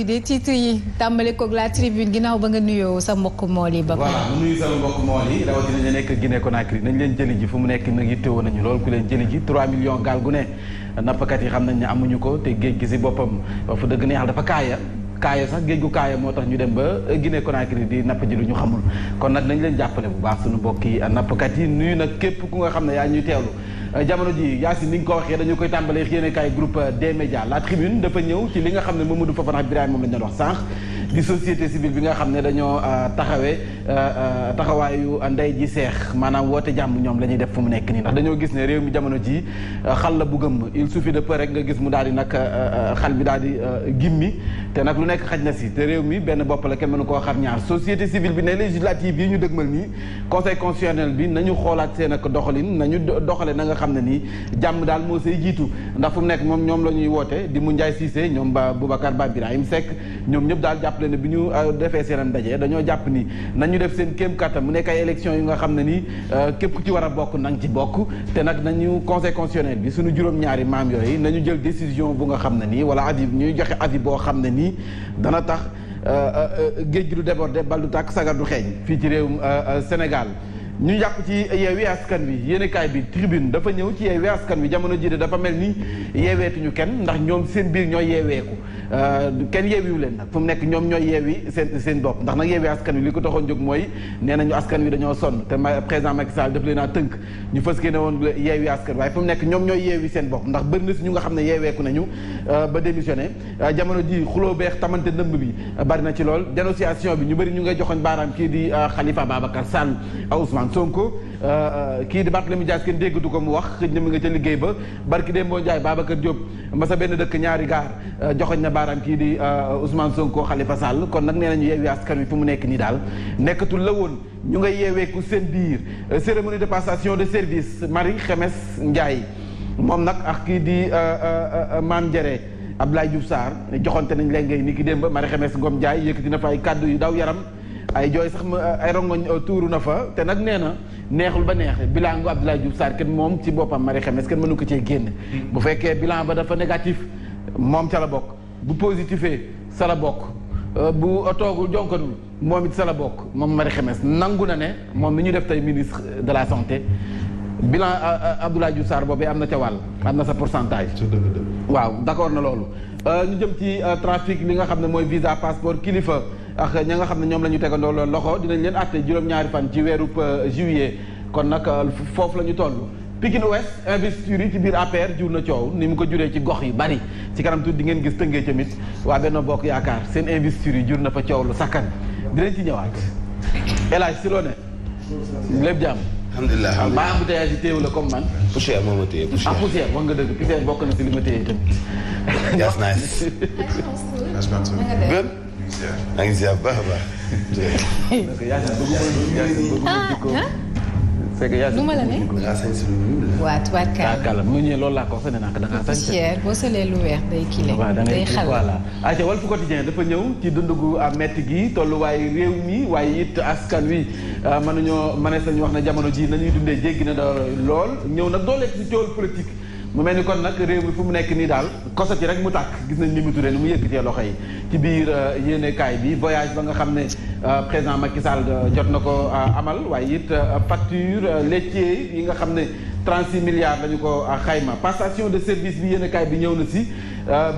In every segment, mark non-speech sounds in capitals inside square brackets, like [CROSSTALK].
vidé titre yi tàmbale koog la tribune ginnaaw ba nga nuyoo sa mbokk mool yi ba voilà mu nuyu sama mbokk mool yi rawatina ñu nekk Guinée Conakry nañ leen jëli ji fu mu nekk nag yittewoo nañu lool ku leen jëli ji 3 millions gaal gu ne nappkat yi xam nañ ne amuñu ko te géej gi si boppam fu dëgg neex dafa kaaya kaaya sax géej gu kaaya moo tax ñu dem ba Guinée Conakry di napp ji lu ñu xamul kon nag nañ leen jàppale bu baax suñu mbokk yi nappkat yi nuyu nag képp ku nga xam ne yaa ñuy teewlu Euh, jamono ji Yacine ni nga ko waxee dañu koy tàmbalee yéen a kaay groupe D-Média la tribune dafa ñëw ci li nga xam ne moom Mamadou Fofana Birame moom lañ doon wax sànq di société civile bi nga xam ne dañoo euh, taxawee euh, euh, taxawaayu ndey ji seex maanaam woote jàmm ñoom la ñuy def fu mu nekk nii ndax dañoo gis ne réew mi jamono ji xal la bu gëmm il suffit de peu rek nga gis mu daal di nag xal bi daal di gimmi te nag lu nekk xaj na si te réew mi benn bopp la kenn mënu koo xam ñaar société civile bi ne législative yi ñu dëgmal nii conseil constitutionnel bi nañu xoolaat seen ak doxalin nañu doxale na nga xam ne nii jàmm daal moo say jiitu ndax fu nekk moom ñoom la ñuy woote di mu Njaay Siise ñoom ba Boubacar Ba Birahim Seck ñoom ñëpp daal jàpp jàppale bi ñu euh, defee seenam ndaje dañoo jàpp ni nañu def seen kéem mu nekk ay élection yu nga xam ne nii euh, képp ku ci war a bokk nañ ci bokk te nag nañu conseil constitutionnel bi suñu juróom-ñaari maam yooyu nañu jël décision bu nga xam ne nii wala avis ñuy joxe avis boo xam ne nii dana tax euh, géej gi du débordé bal du tàkk sagar du xeeñ fii ci réewum Sénégal ñu jàpp ci yeewi askan wi yéenekaay bi tribune dafa ñëw ci yeewi askan wi jamono jii de dafa mel ni yeeweetuñu kenn ndax ñoom seen biir ñooy yeeweeku euh, kenn yeewiwu leen nag fu nekk ñoom ñooy yeewi seen seen bopp ndax nag yeewi askan wi li ko taxoon jóg mooy nee nañu askan wi dañoo sonn te président Macky Sall daf leen a tënk ñu fës ne woon yeewi askan waaye fu mu nekk ñoom ñooy yeewi seen bopp ndax bëri na si ñu nga xam ne yeeweeku nañu euh, ba démissionné euh, jamono ji xuloo beex tamante ndëmb bi bari na ci lool dénonciation bi ñu bëri ñu ngay joxoñ baaraam kii di Khalifa Babacar Sall Ousmane Ousmane Sonko euh, euh, kii di Barthélémy Dias kenn déggatu ko mu wax xëj na mi nga ca liggéey ba barki démb Ndiaye Babacar Diop ma sa benn dëkk ñaari gaar euh, joxoñ na baaraam kii di Ousmane Sonko Khalifa Sall kon nag nee nañu yeewi askan wi fu mu nekk nii daal nekkatul la woon ñu ngay yeeweeku seen biir cérémonie de passation de service Marie Xemes Ndiaye moom nag ak kii di Mame Ndiéré Abdoulaye Diouf Sarr joxonte nañ leen ngay ni ki démb Marie Xemes Ngom Ndiaye yëkkati na ay kàddu yu daw yaram ay jooy sax ay rongoñ euh, tuuru na fa te nag nee na neexul ba neex bilan gu Abdoulaye Diouf kenn moom ci boppam Marie Khemesse kenn mënu ko cee génn. Hmm. bu fekkee bilan ba dafa négatif moom ca la bokk bu positifee sa la bokk euh, bu toogul jonkanul moom it sa la bokk moom Marie Khemesse nangu na ne moom mi ñu def tey ministre de la santé. bilan euh, Abdoulaye Diouf Sarr boobee am na ca wàll am na sa pourcentage. waaw d' accord na loolu. ñu jëm ci trafic li nga xam ne mooy visa passeport kilifa. ak ña nga xam ne ñoom la ñu tegandoo loxo dinañ leen àtte juróom-ñaari fan ci weerub euh, juillet kon nag euh, foofu la ñu toll. Pikine Ouest investiture yi ci biir APR jur na coow ni mu ko juree ci gox yi bari ci kanam tuuti di ngeen gis tëngee tamit waa Benno Bokk Yaakaar seen investiture yi jur na fa coow lu sakkan dinañ ci ñëwaat El si loo ne lépp jàmm. alhamdulilah alhamdulilah maa embouteillage yi téew la comme man. poussière moo ma téye poussière. ah poussière wax bokk na si li ma téye tamit. jaas naa maa ngi ziar bu baax a baax. nu ma la ne. waaw ah, tubaarkalla mu ñëwee loolu laa ko wax ne naa ko da ngaa sañ. poussière boo solee lu weex day kile. day xal voilà ayca ah, Walf Quotidien dafa ñëw ci dund gu mett gi tolluwaay réew mi waaye it askan ah. wi mënuñoo mënees lañuy wax ne jamono ji nañuy dundee jéggi na lool ñëw nag dooleeg ci tool politique. mu mel ni kon nag réew mi fu mu nekk nii daal kosati rek mu tàkk gis nañ li mu turee ni mu yëkkatee loxo yi ci biir euh, yéenekaay bi voyage ba nga xam ne euh, président Macky Sall euh, jot na ko amal waaye it facture laitier yi nga xam ne 36 milliards lañu ko xayma passation de service bi yéenekaay bi ñëw na si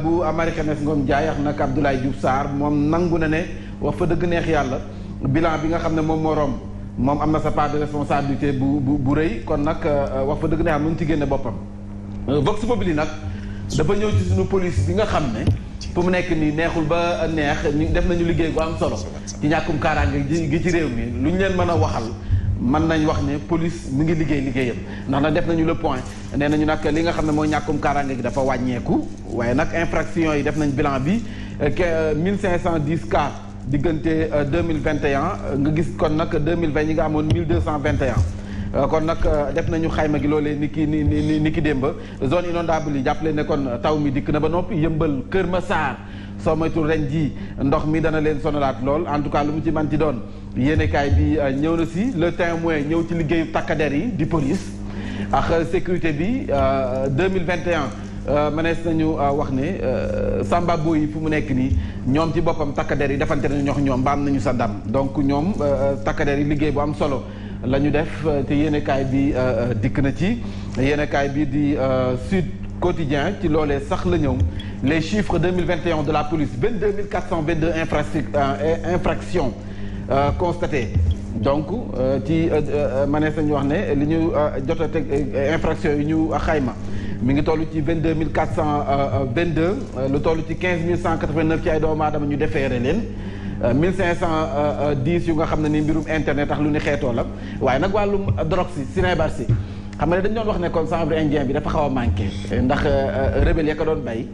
bu Marie-Khemesse Ngom Ndiaye ak nag Abdoulaye Diouf moom nangu na ne wax fa dëgg neex yàlla bilan bi nga xam ne moom moo moom am na sa part de responsabilité bu bu bu rëy kon nag wax fa dëgg neex am lu ñu ci génne boppam. Euh, vox populi nag dafa ñëw ci suñu police bi nga xam ne fu mu nekk nii neexul ba neex ñu def nañu liggéey bu am solo ci ñàkkum kaaraange gi ci réew mi lu ñu leen mën a waxal mën nañ wax ne police mu ngi liggéey liggéeyam ndax nag def nañu le point nee nañu nag li nga xam ne mooy ñàkkum kaaraange gi dafa wàññeeku waaye nag infraction yi def nañ bilan bi euh, euh, cinq cent 1510 cas diggante 2021 nga gis kon nag 2020 yi nga amoon 1221 Euh, kon nag euh, def nañu xayma gi loolee ni ki ni ni ni ki démb zone inondable yi jàppale ne kon taw mi dikk na ba noppi yëmbal Kër ma Massar soo moytul ren jii ndox mi dana leen sonalaat lool en tout cas lu mu ci manti doon yéenekaay bi euh, ñëw na si le témoin ñëw ci liggéeyu takkader yi di police ak sécurité bi 2021 mënees nañu wax ne Samba Boy yi fu mu nekk nii ñoom ci boppam takkadeer yi defante nañu ñox ñoom ba am nañu sa ndam donc ñoom takkader yi liggéey bu am solo la ñu def euh, te yéenekaay bi euh, euh, dikk na ci yenekaay bi di Sud Quotidien ci loolee sax la ñëw les chiffres 2021 de la police 22 422 infractions constatées donc ci manees nañu wax ne li ñu jot a teg infractions yi ñu xayma mi ngi toll ci 22 422 lu tollu ci 15 189 ci ay doomu aadama ñu defeere leen Euh, mille cinq cent euh, euh, dix yu nga xam ne ni mbirum internet tax lu ni xeetoo la waaye nag wàllum drogue si sinébar si xam nga ne dañ doon wax ne kon chanvre indien bi dafa xaw a manqué ndax rebelle ya ko doon bay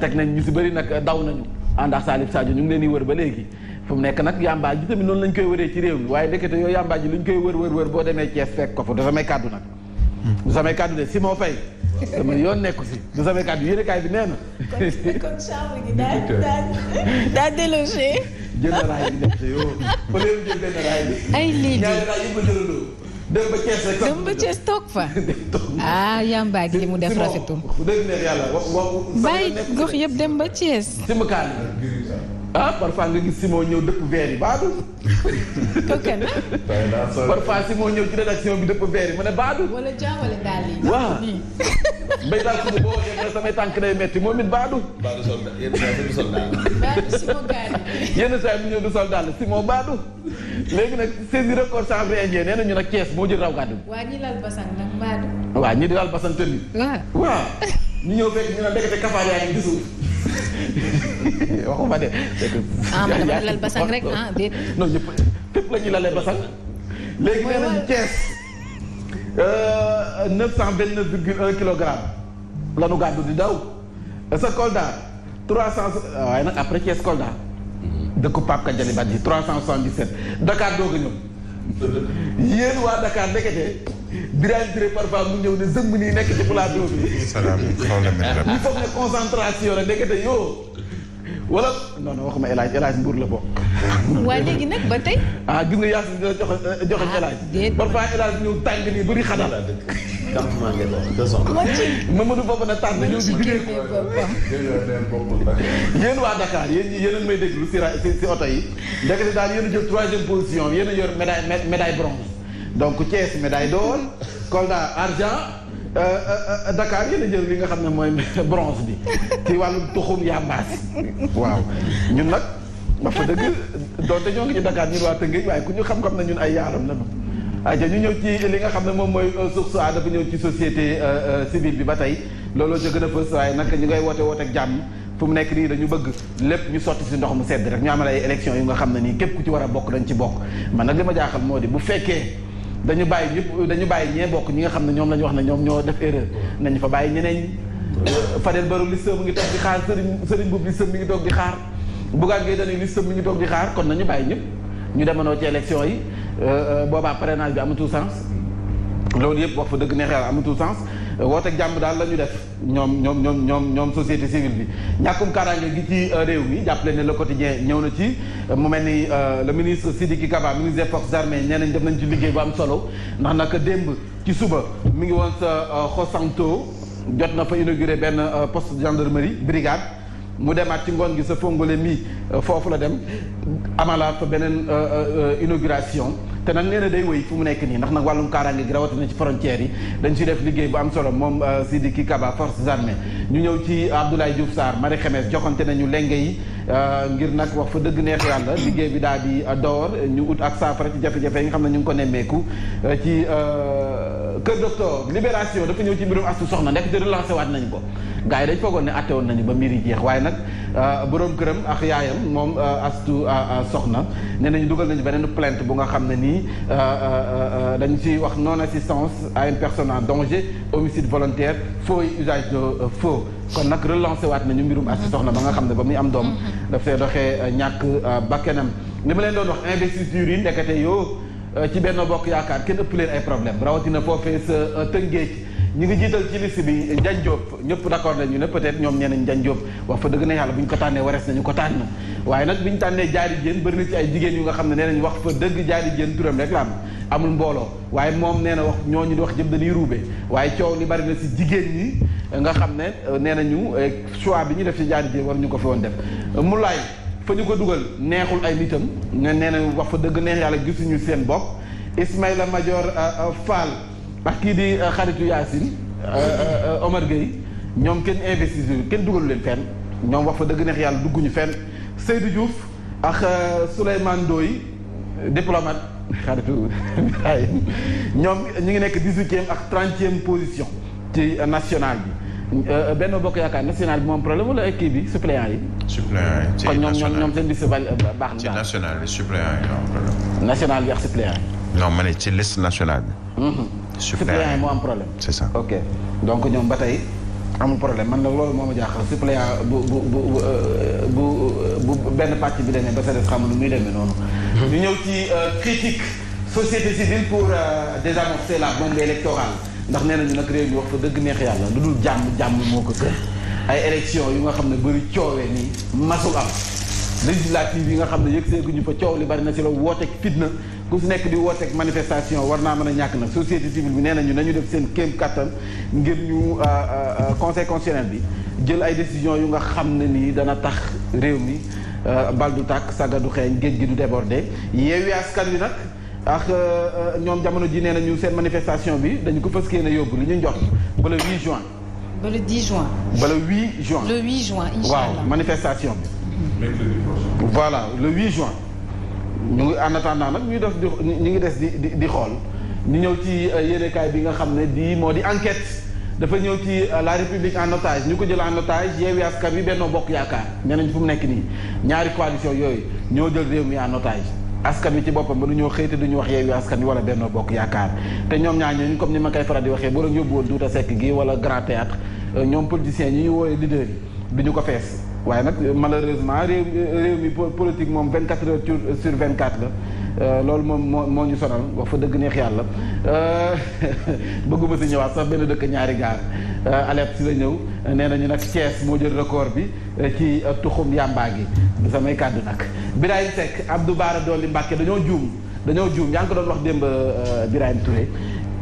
teg nañ ñu si bari nag daw nañu ndax Salif Sadio ñu ngi leen di wër ba léegi fu mu nekk nag yàmbaa ji tamit noonu lañ koy wëree ci réew mi waaye ndekete yooyu yàmbaa ji luñ koy wër wër wër boo demee Thiès fekk ko fa du samay kàddu nag hmm. du samay kàddu de Simon Faye [LAUGHS] sama yoon nekku si du samay kàddu yéen kaay jël na raay bi nekk te yow. ba léegi jël benn raay bi. ay lii di ñaari [LAUGHS] fa. ah yamba ak li mu def rafetul. dégg neex yàlla wax wax. bàyyi gox yëpp dem ba Thiès. simb kaani. ah parfois nga gis Simon ñëw dëpp veer yi baadu. toog na. parfois Simon ñëw ci rédaction bi dëpp veer yi mu ne baadu. wala jaawale daal yi. waaw mbay daal suñu boo waxee ne samay tànk day metti moom it baadu. baadu sol daal yenn saa yi du sol daal. baadu Simon gaari. yenn saa yi mu ñëw du sol daal Simon baadu. léegi nag moo jël raw gàddu. waa ñi lal basan nag waa ñi di lal basan tënk. waaw waaw. yaa ngi gisul. waxuma de. ah ma dama lal basang rek ah déet. non ñëpp fépp la ñuy lalee basang. léegi nee nañu Thiès. 929 euh, virgule 1 kilogramme. la nu gàddu di daw. sa Kolda 300 waaye nag après Thiès Kolda. dëkku Pape Kadiali Badji 377 Dakar doog a ñëw. yéen waa Dakar ndekete Birane Touré mu ñëw ne zëmm nii nekk ci plateau bi. salaam ñu foog ne concentration la ndekete yoo. wala non non waxuma El Hadj El Hadj Mbour la bokk. waaye léegi nag ba tey. ah gis nga yaa si dina joxe joxe ah, El Hadj. déedéet parfois El Hadj ñëw tàng nii bëri xanaa. campement ngeen wax deux cent. Mamadou Bopp na tànn ñëw di jugee ko. yéen waa Dakar yéen yéen a may déglu si ra si oto yi. ndekete daal yéen a jël troisième position yéen a yor médaille médaille bronze donc Thiès médaille d'or Kolda argent. Euh, euh, euh, Dakar yéen a jël li nga xam ne mooy [LAUGHS] bronze bi ci wàllu tuxum yàmbaas waaw ñun nag ba dëgg doonte ñoo ngi ñu Dakar waa Tëngéej waaye ku ñu xam-xam na ñun ay yaaram la ñu ñu ñëw ci li nga xam ne moom mooy source a dafa ñëw ci société civile bi ba tey looloo ca na a fës waaye nag ñu ngay woote woote ak jàmm fu mu nekk nii dañu bëgg lépp ñu sotti si ndox mu sedd rek ñu amal ay élection yu nga xam ne nii képp ku ci war a bokk dañ ci bokk man nag li ma jaaxal moo di bu fekkee dañu bàyyi ñëpp dañu bàyyi ñee bokk ñi nga xam ne ñoom lañu ñu wax ne ñoom ñoo def erreur nañu fa bàyyi ñeneen Fadel Barro li sëm mi ngi toog di xaar Serigne Serigne Boub li sëm mi ngi toog di xaar Bougane Gueye Dany li sëm mi ngi toog di xaar kon nañu bàyyi ñëpp ñu demanoo ci élection yi euh, euh, boobaa parrainage bi amatul sens loolu yëpp wax fa dëgg neexee amatul sens wooteeg jàmm daal la ñu def ñoom ñoom ñoom ñoom ñoom société civile bi ñàkkum kaaraange gi ci euh, réew mi jàppale ne le quotidien ñëw na ci euh, mu mel ni euh, le ministre Sidiki Kaba ministre des forces armées nee nañ def nañ ci liggéey bu am solo ndax naka démb ci suba mi ngi woon sa Xosanto jot na fa inauguré benn poste de gendarmerie brigade mu demaat ci ngoon gi sa Fongole mi foofu la dem amalaat fa beneen inauguration te nag nee na day wéy fu mu nekk nii ndax nag wàllum kaaraange gi rawatina ci frontières yi dañ ci def liggéey bu am solo moom euh, Sidiki Kaba forces armées ñu ñëw ci Abdoulaye Diouf saar Marie Khemesse joxante nañu lenge yi euh, ngir nag wax fa dëgg neex yàlla liggéey bi daal di euh, door ñu ut ak saafara ci jafe-jafe yi nga xam ne ñu ngi ko nemmeeku ci kër docteur libération dafa ñëw ci mbirum astu soxna ndekk te relancé waat nañu ko gars yi dañ foogoon ne atte woon nañu ba mbir yi jeex waaye nag euh, boroom këram ak yaayam moom euh, astu euh, soxna nee nañu dugal nañu beneen plainte bu nga xam ne nii dañu ci wax non assistance à une personne en danger homicide volontaire faux usage de faux kon nag relancé waat nañu mbirum astu soxna ba nga xam ne ba muy am doom mm-hmm. dafay doxee ñàkk bakkenam li ma leen doon wax investiture yi ndekete yoo ci benn bokk yaakaar kenn ëpp leen ay problème rawatina foofee sa tëngéej ñu ngi jiital ci liste bi Ndiagne Diop ñëpp d'accord nañu ne peut-être ñoom nee nañ Ndiagne wax fa dëgg na yàlla bu ñu ko tànnee warees nañu ko tànn waaye nag bi ñu tànnee jaari jén bëri na ci ay jigéen yu nga xam ne nee nañ wax fa dëgg jaari jén turam rek amul mbooloo waaye moom nee na wax ñooñu di wax jëm dañuy ruube waaye coow li bari na si jigéen ñi nga xam ne euh, nee nañu euh, choix bi ñu def ci jaari jén war ñu ko fi woon def mu laay fa ñu ko dugal neexul ay nitam nee na wax fa dëgg neex yàlla gisuñu seen bopp Ismaïla Madior euh, Fall ak kii di xaritu euh, Yacine euh, euh, Omar Gueye ñoom kenn investisseur kenn dugalu leen fenn ñoom wax fa dëgg neex yàlla dugguñu fenn Seydou Diouf ak Souleymane Ndoye diplomate xaritu ñoom ñu ngi nekk dix-huitième ak trentième position ci national bi benn bokk yaakaar national bi moom problème wala kii bi suppléant yi. suppléant yi ci national kon ñoom ñoom seen liste baax national bi suppléant yi non problème. national ma ne ci liste nationale bi. Mm-hmm. suppléant yi moo am problème. c'est ça ok donc ñoom ba tey amul problème man nag loolu moom ma jaaxal suppléant bu bu euh, bu bu bu benn pàcc bi demee ba sa def xam nu muy demee noonu. Mhm. ñu ñëw ci euh, critique société civile pour euh, désamorcer la bombe électorale ndax nee nañu nag réew mi wax fa dëgg neex yàlla lu dul jàmm jàmm moo ko gën ay élection yu nga xam ne bëri coowee nii masul am législative yi nga xam ne yëg seeguñu fa coow li bari na ci la wooteeg fitna ku fi nekk di wooteeg manifestation war naa mën a ñàkk nag société civile bi nee nañu nañu def seen kéem kattan ngir ñu euh, euh, euh, conseil constitutionnel bi jël ay décision yu nga xam na nii dana tax réew mi bal du tàkk saga du xeeñ géej gi du débordé yeewi askan wi nag ak ñoom jamono ji nee nañu seen manifestation bi dañu ko fas yéene yóbbu li ñu njort ba le juin ba le 10 juin ba le 8 juin le 8 juin incha allah waaw manifestation bi voilà le juin ñu ngi en attendant nag ñuy def di ñu ngi des di di di xool ñu ñëw ci euh, yéenekaay bi nga xam ne di moo di enquête dafa ñëw ci euh, la république en otage ñu ko jël en otage Yewwi Askan Wi Benno Bokk Yaakaar nee nañ fu mu nekk nii ñaari coalition yooyu ñoo jël réew mi en otage askan wi ci boppam ba du ñoo xëyte duñu wax Yewwi Askan Wi wala Benno Bokk Yaakaar te ñoom ñaar ñu comme ni ma koy faral di waxee boo leen yóbbu woon Douta Seck gi wala Grand Théâtre euh, ñoom politiciens yi ñu wooyee leaders yi du ñu ko waaye nag malheureusement réew réew mi politique moom 24 heures sur 24 la. Euh, loolu moom moo moo ñu sonal wax fa dëgg neex yàlla euh, [LAUGHS] bëgguma si ñëwaat sax benn dëkk ñaari gaar euh, alerte si la ñëw nee nañu nag Thiès moo jël record bi ci tuxum yàmbaa gi du samay kàddu nag Birahim sekk Abdou Baara Dolli Mbàkke dañoo juum dañoo juum yaa ngi ko doon wax démb Birahim Touré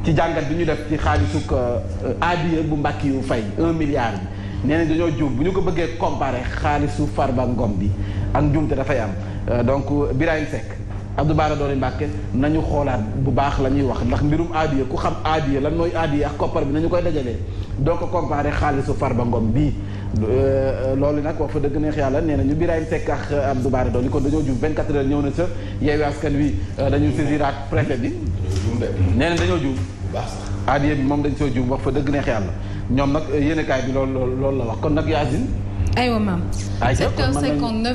ci jàngat bi ñu def ci xaalisuk adiya bu mbàkki yu fay un milliard bi nee dañoo juum bu ñu ko bëggee comparer xaalisu far Farba Ngom bi ak njuumte dafay am euh, donc Birahim Seck Abdou Bara Dolly Mbacké nañu xoolaat bu baax la ñuy wax ndax mbirum aadiya ku xam aadiya lan mooy aadiya ak koppar bi nañu koy dajalee doo ko comparer xaalisu ba Ngom bii euh, loolu nag wax fa dëgg neex yàlla nee nañu Birahim Seck ak Abdou Bara Dolly kon dañoo jub 24 heures ñëw na sa yeewi askan wi euh, dañu saisiraat préfet bi nee na dañoo jub aadiya bi moom dañ soo jub wax fa dëgg neex yàlla ñoom nag eh, yéenekaay bi loolu loolu la wax kon nag Yacine. aywa maam. ayca kon man 7h59.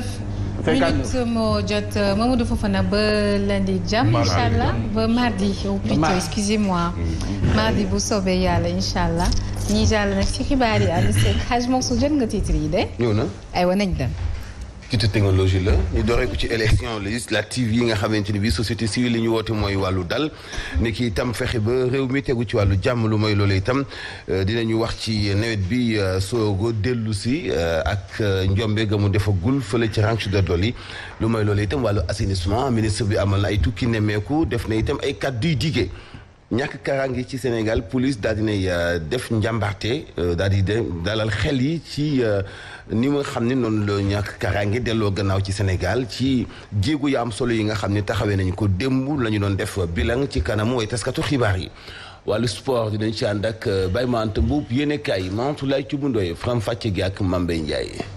59 minutes moo jot euh, Mamadou Fofana ba lundi jàmm. incha allah ba mardi. ou plutôt excusez-moi. Mm. mardi bu soobee yàlla incha allah. ñii jàll nag ci xibaar yi ànd si xaj moom su jot nga titre yi de. ñëw nañ ci technologie la ñu doree ci élection législative yi nga xamante ne bi société civile li ñu woote mooy wàllu dal ni ki itam fexe ba réew mi tegu ci wàllu jàmm lu mooy loolu itam euh, dinañu wax ci nawet bi euh, soogo dellu si euh, ak njombe ga mu defagul fële ci ranch de Doli lu mooy loolu itam wàllu assainissement ministre bi amal na ay tukki nemmeeku def na itam ay kàddu yu digee ñàkk kaaraange ci Sénégal police daal dinay euh, def njàmbarte euh, daal di dalal xel yi ci euh, ni nga xam ne noonu la ñàkk kaaraange delloo gannaaw ci Sénégal ci jéego yu am solo yi nga xam ne taxawee nañu ko démb la ñu doon def bilan ci kanamu way taskatu xibaar yi wàllu sport dinañ ci ànd ak Baye Mante Mbuub yéenekaay yi Mansoulaye Thioub Ndoye faram fàcce gi ak Mame Mbaye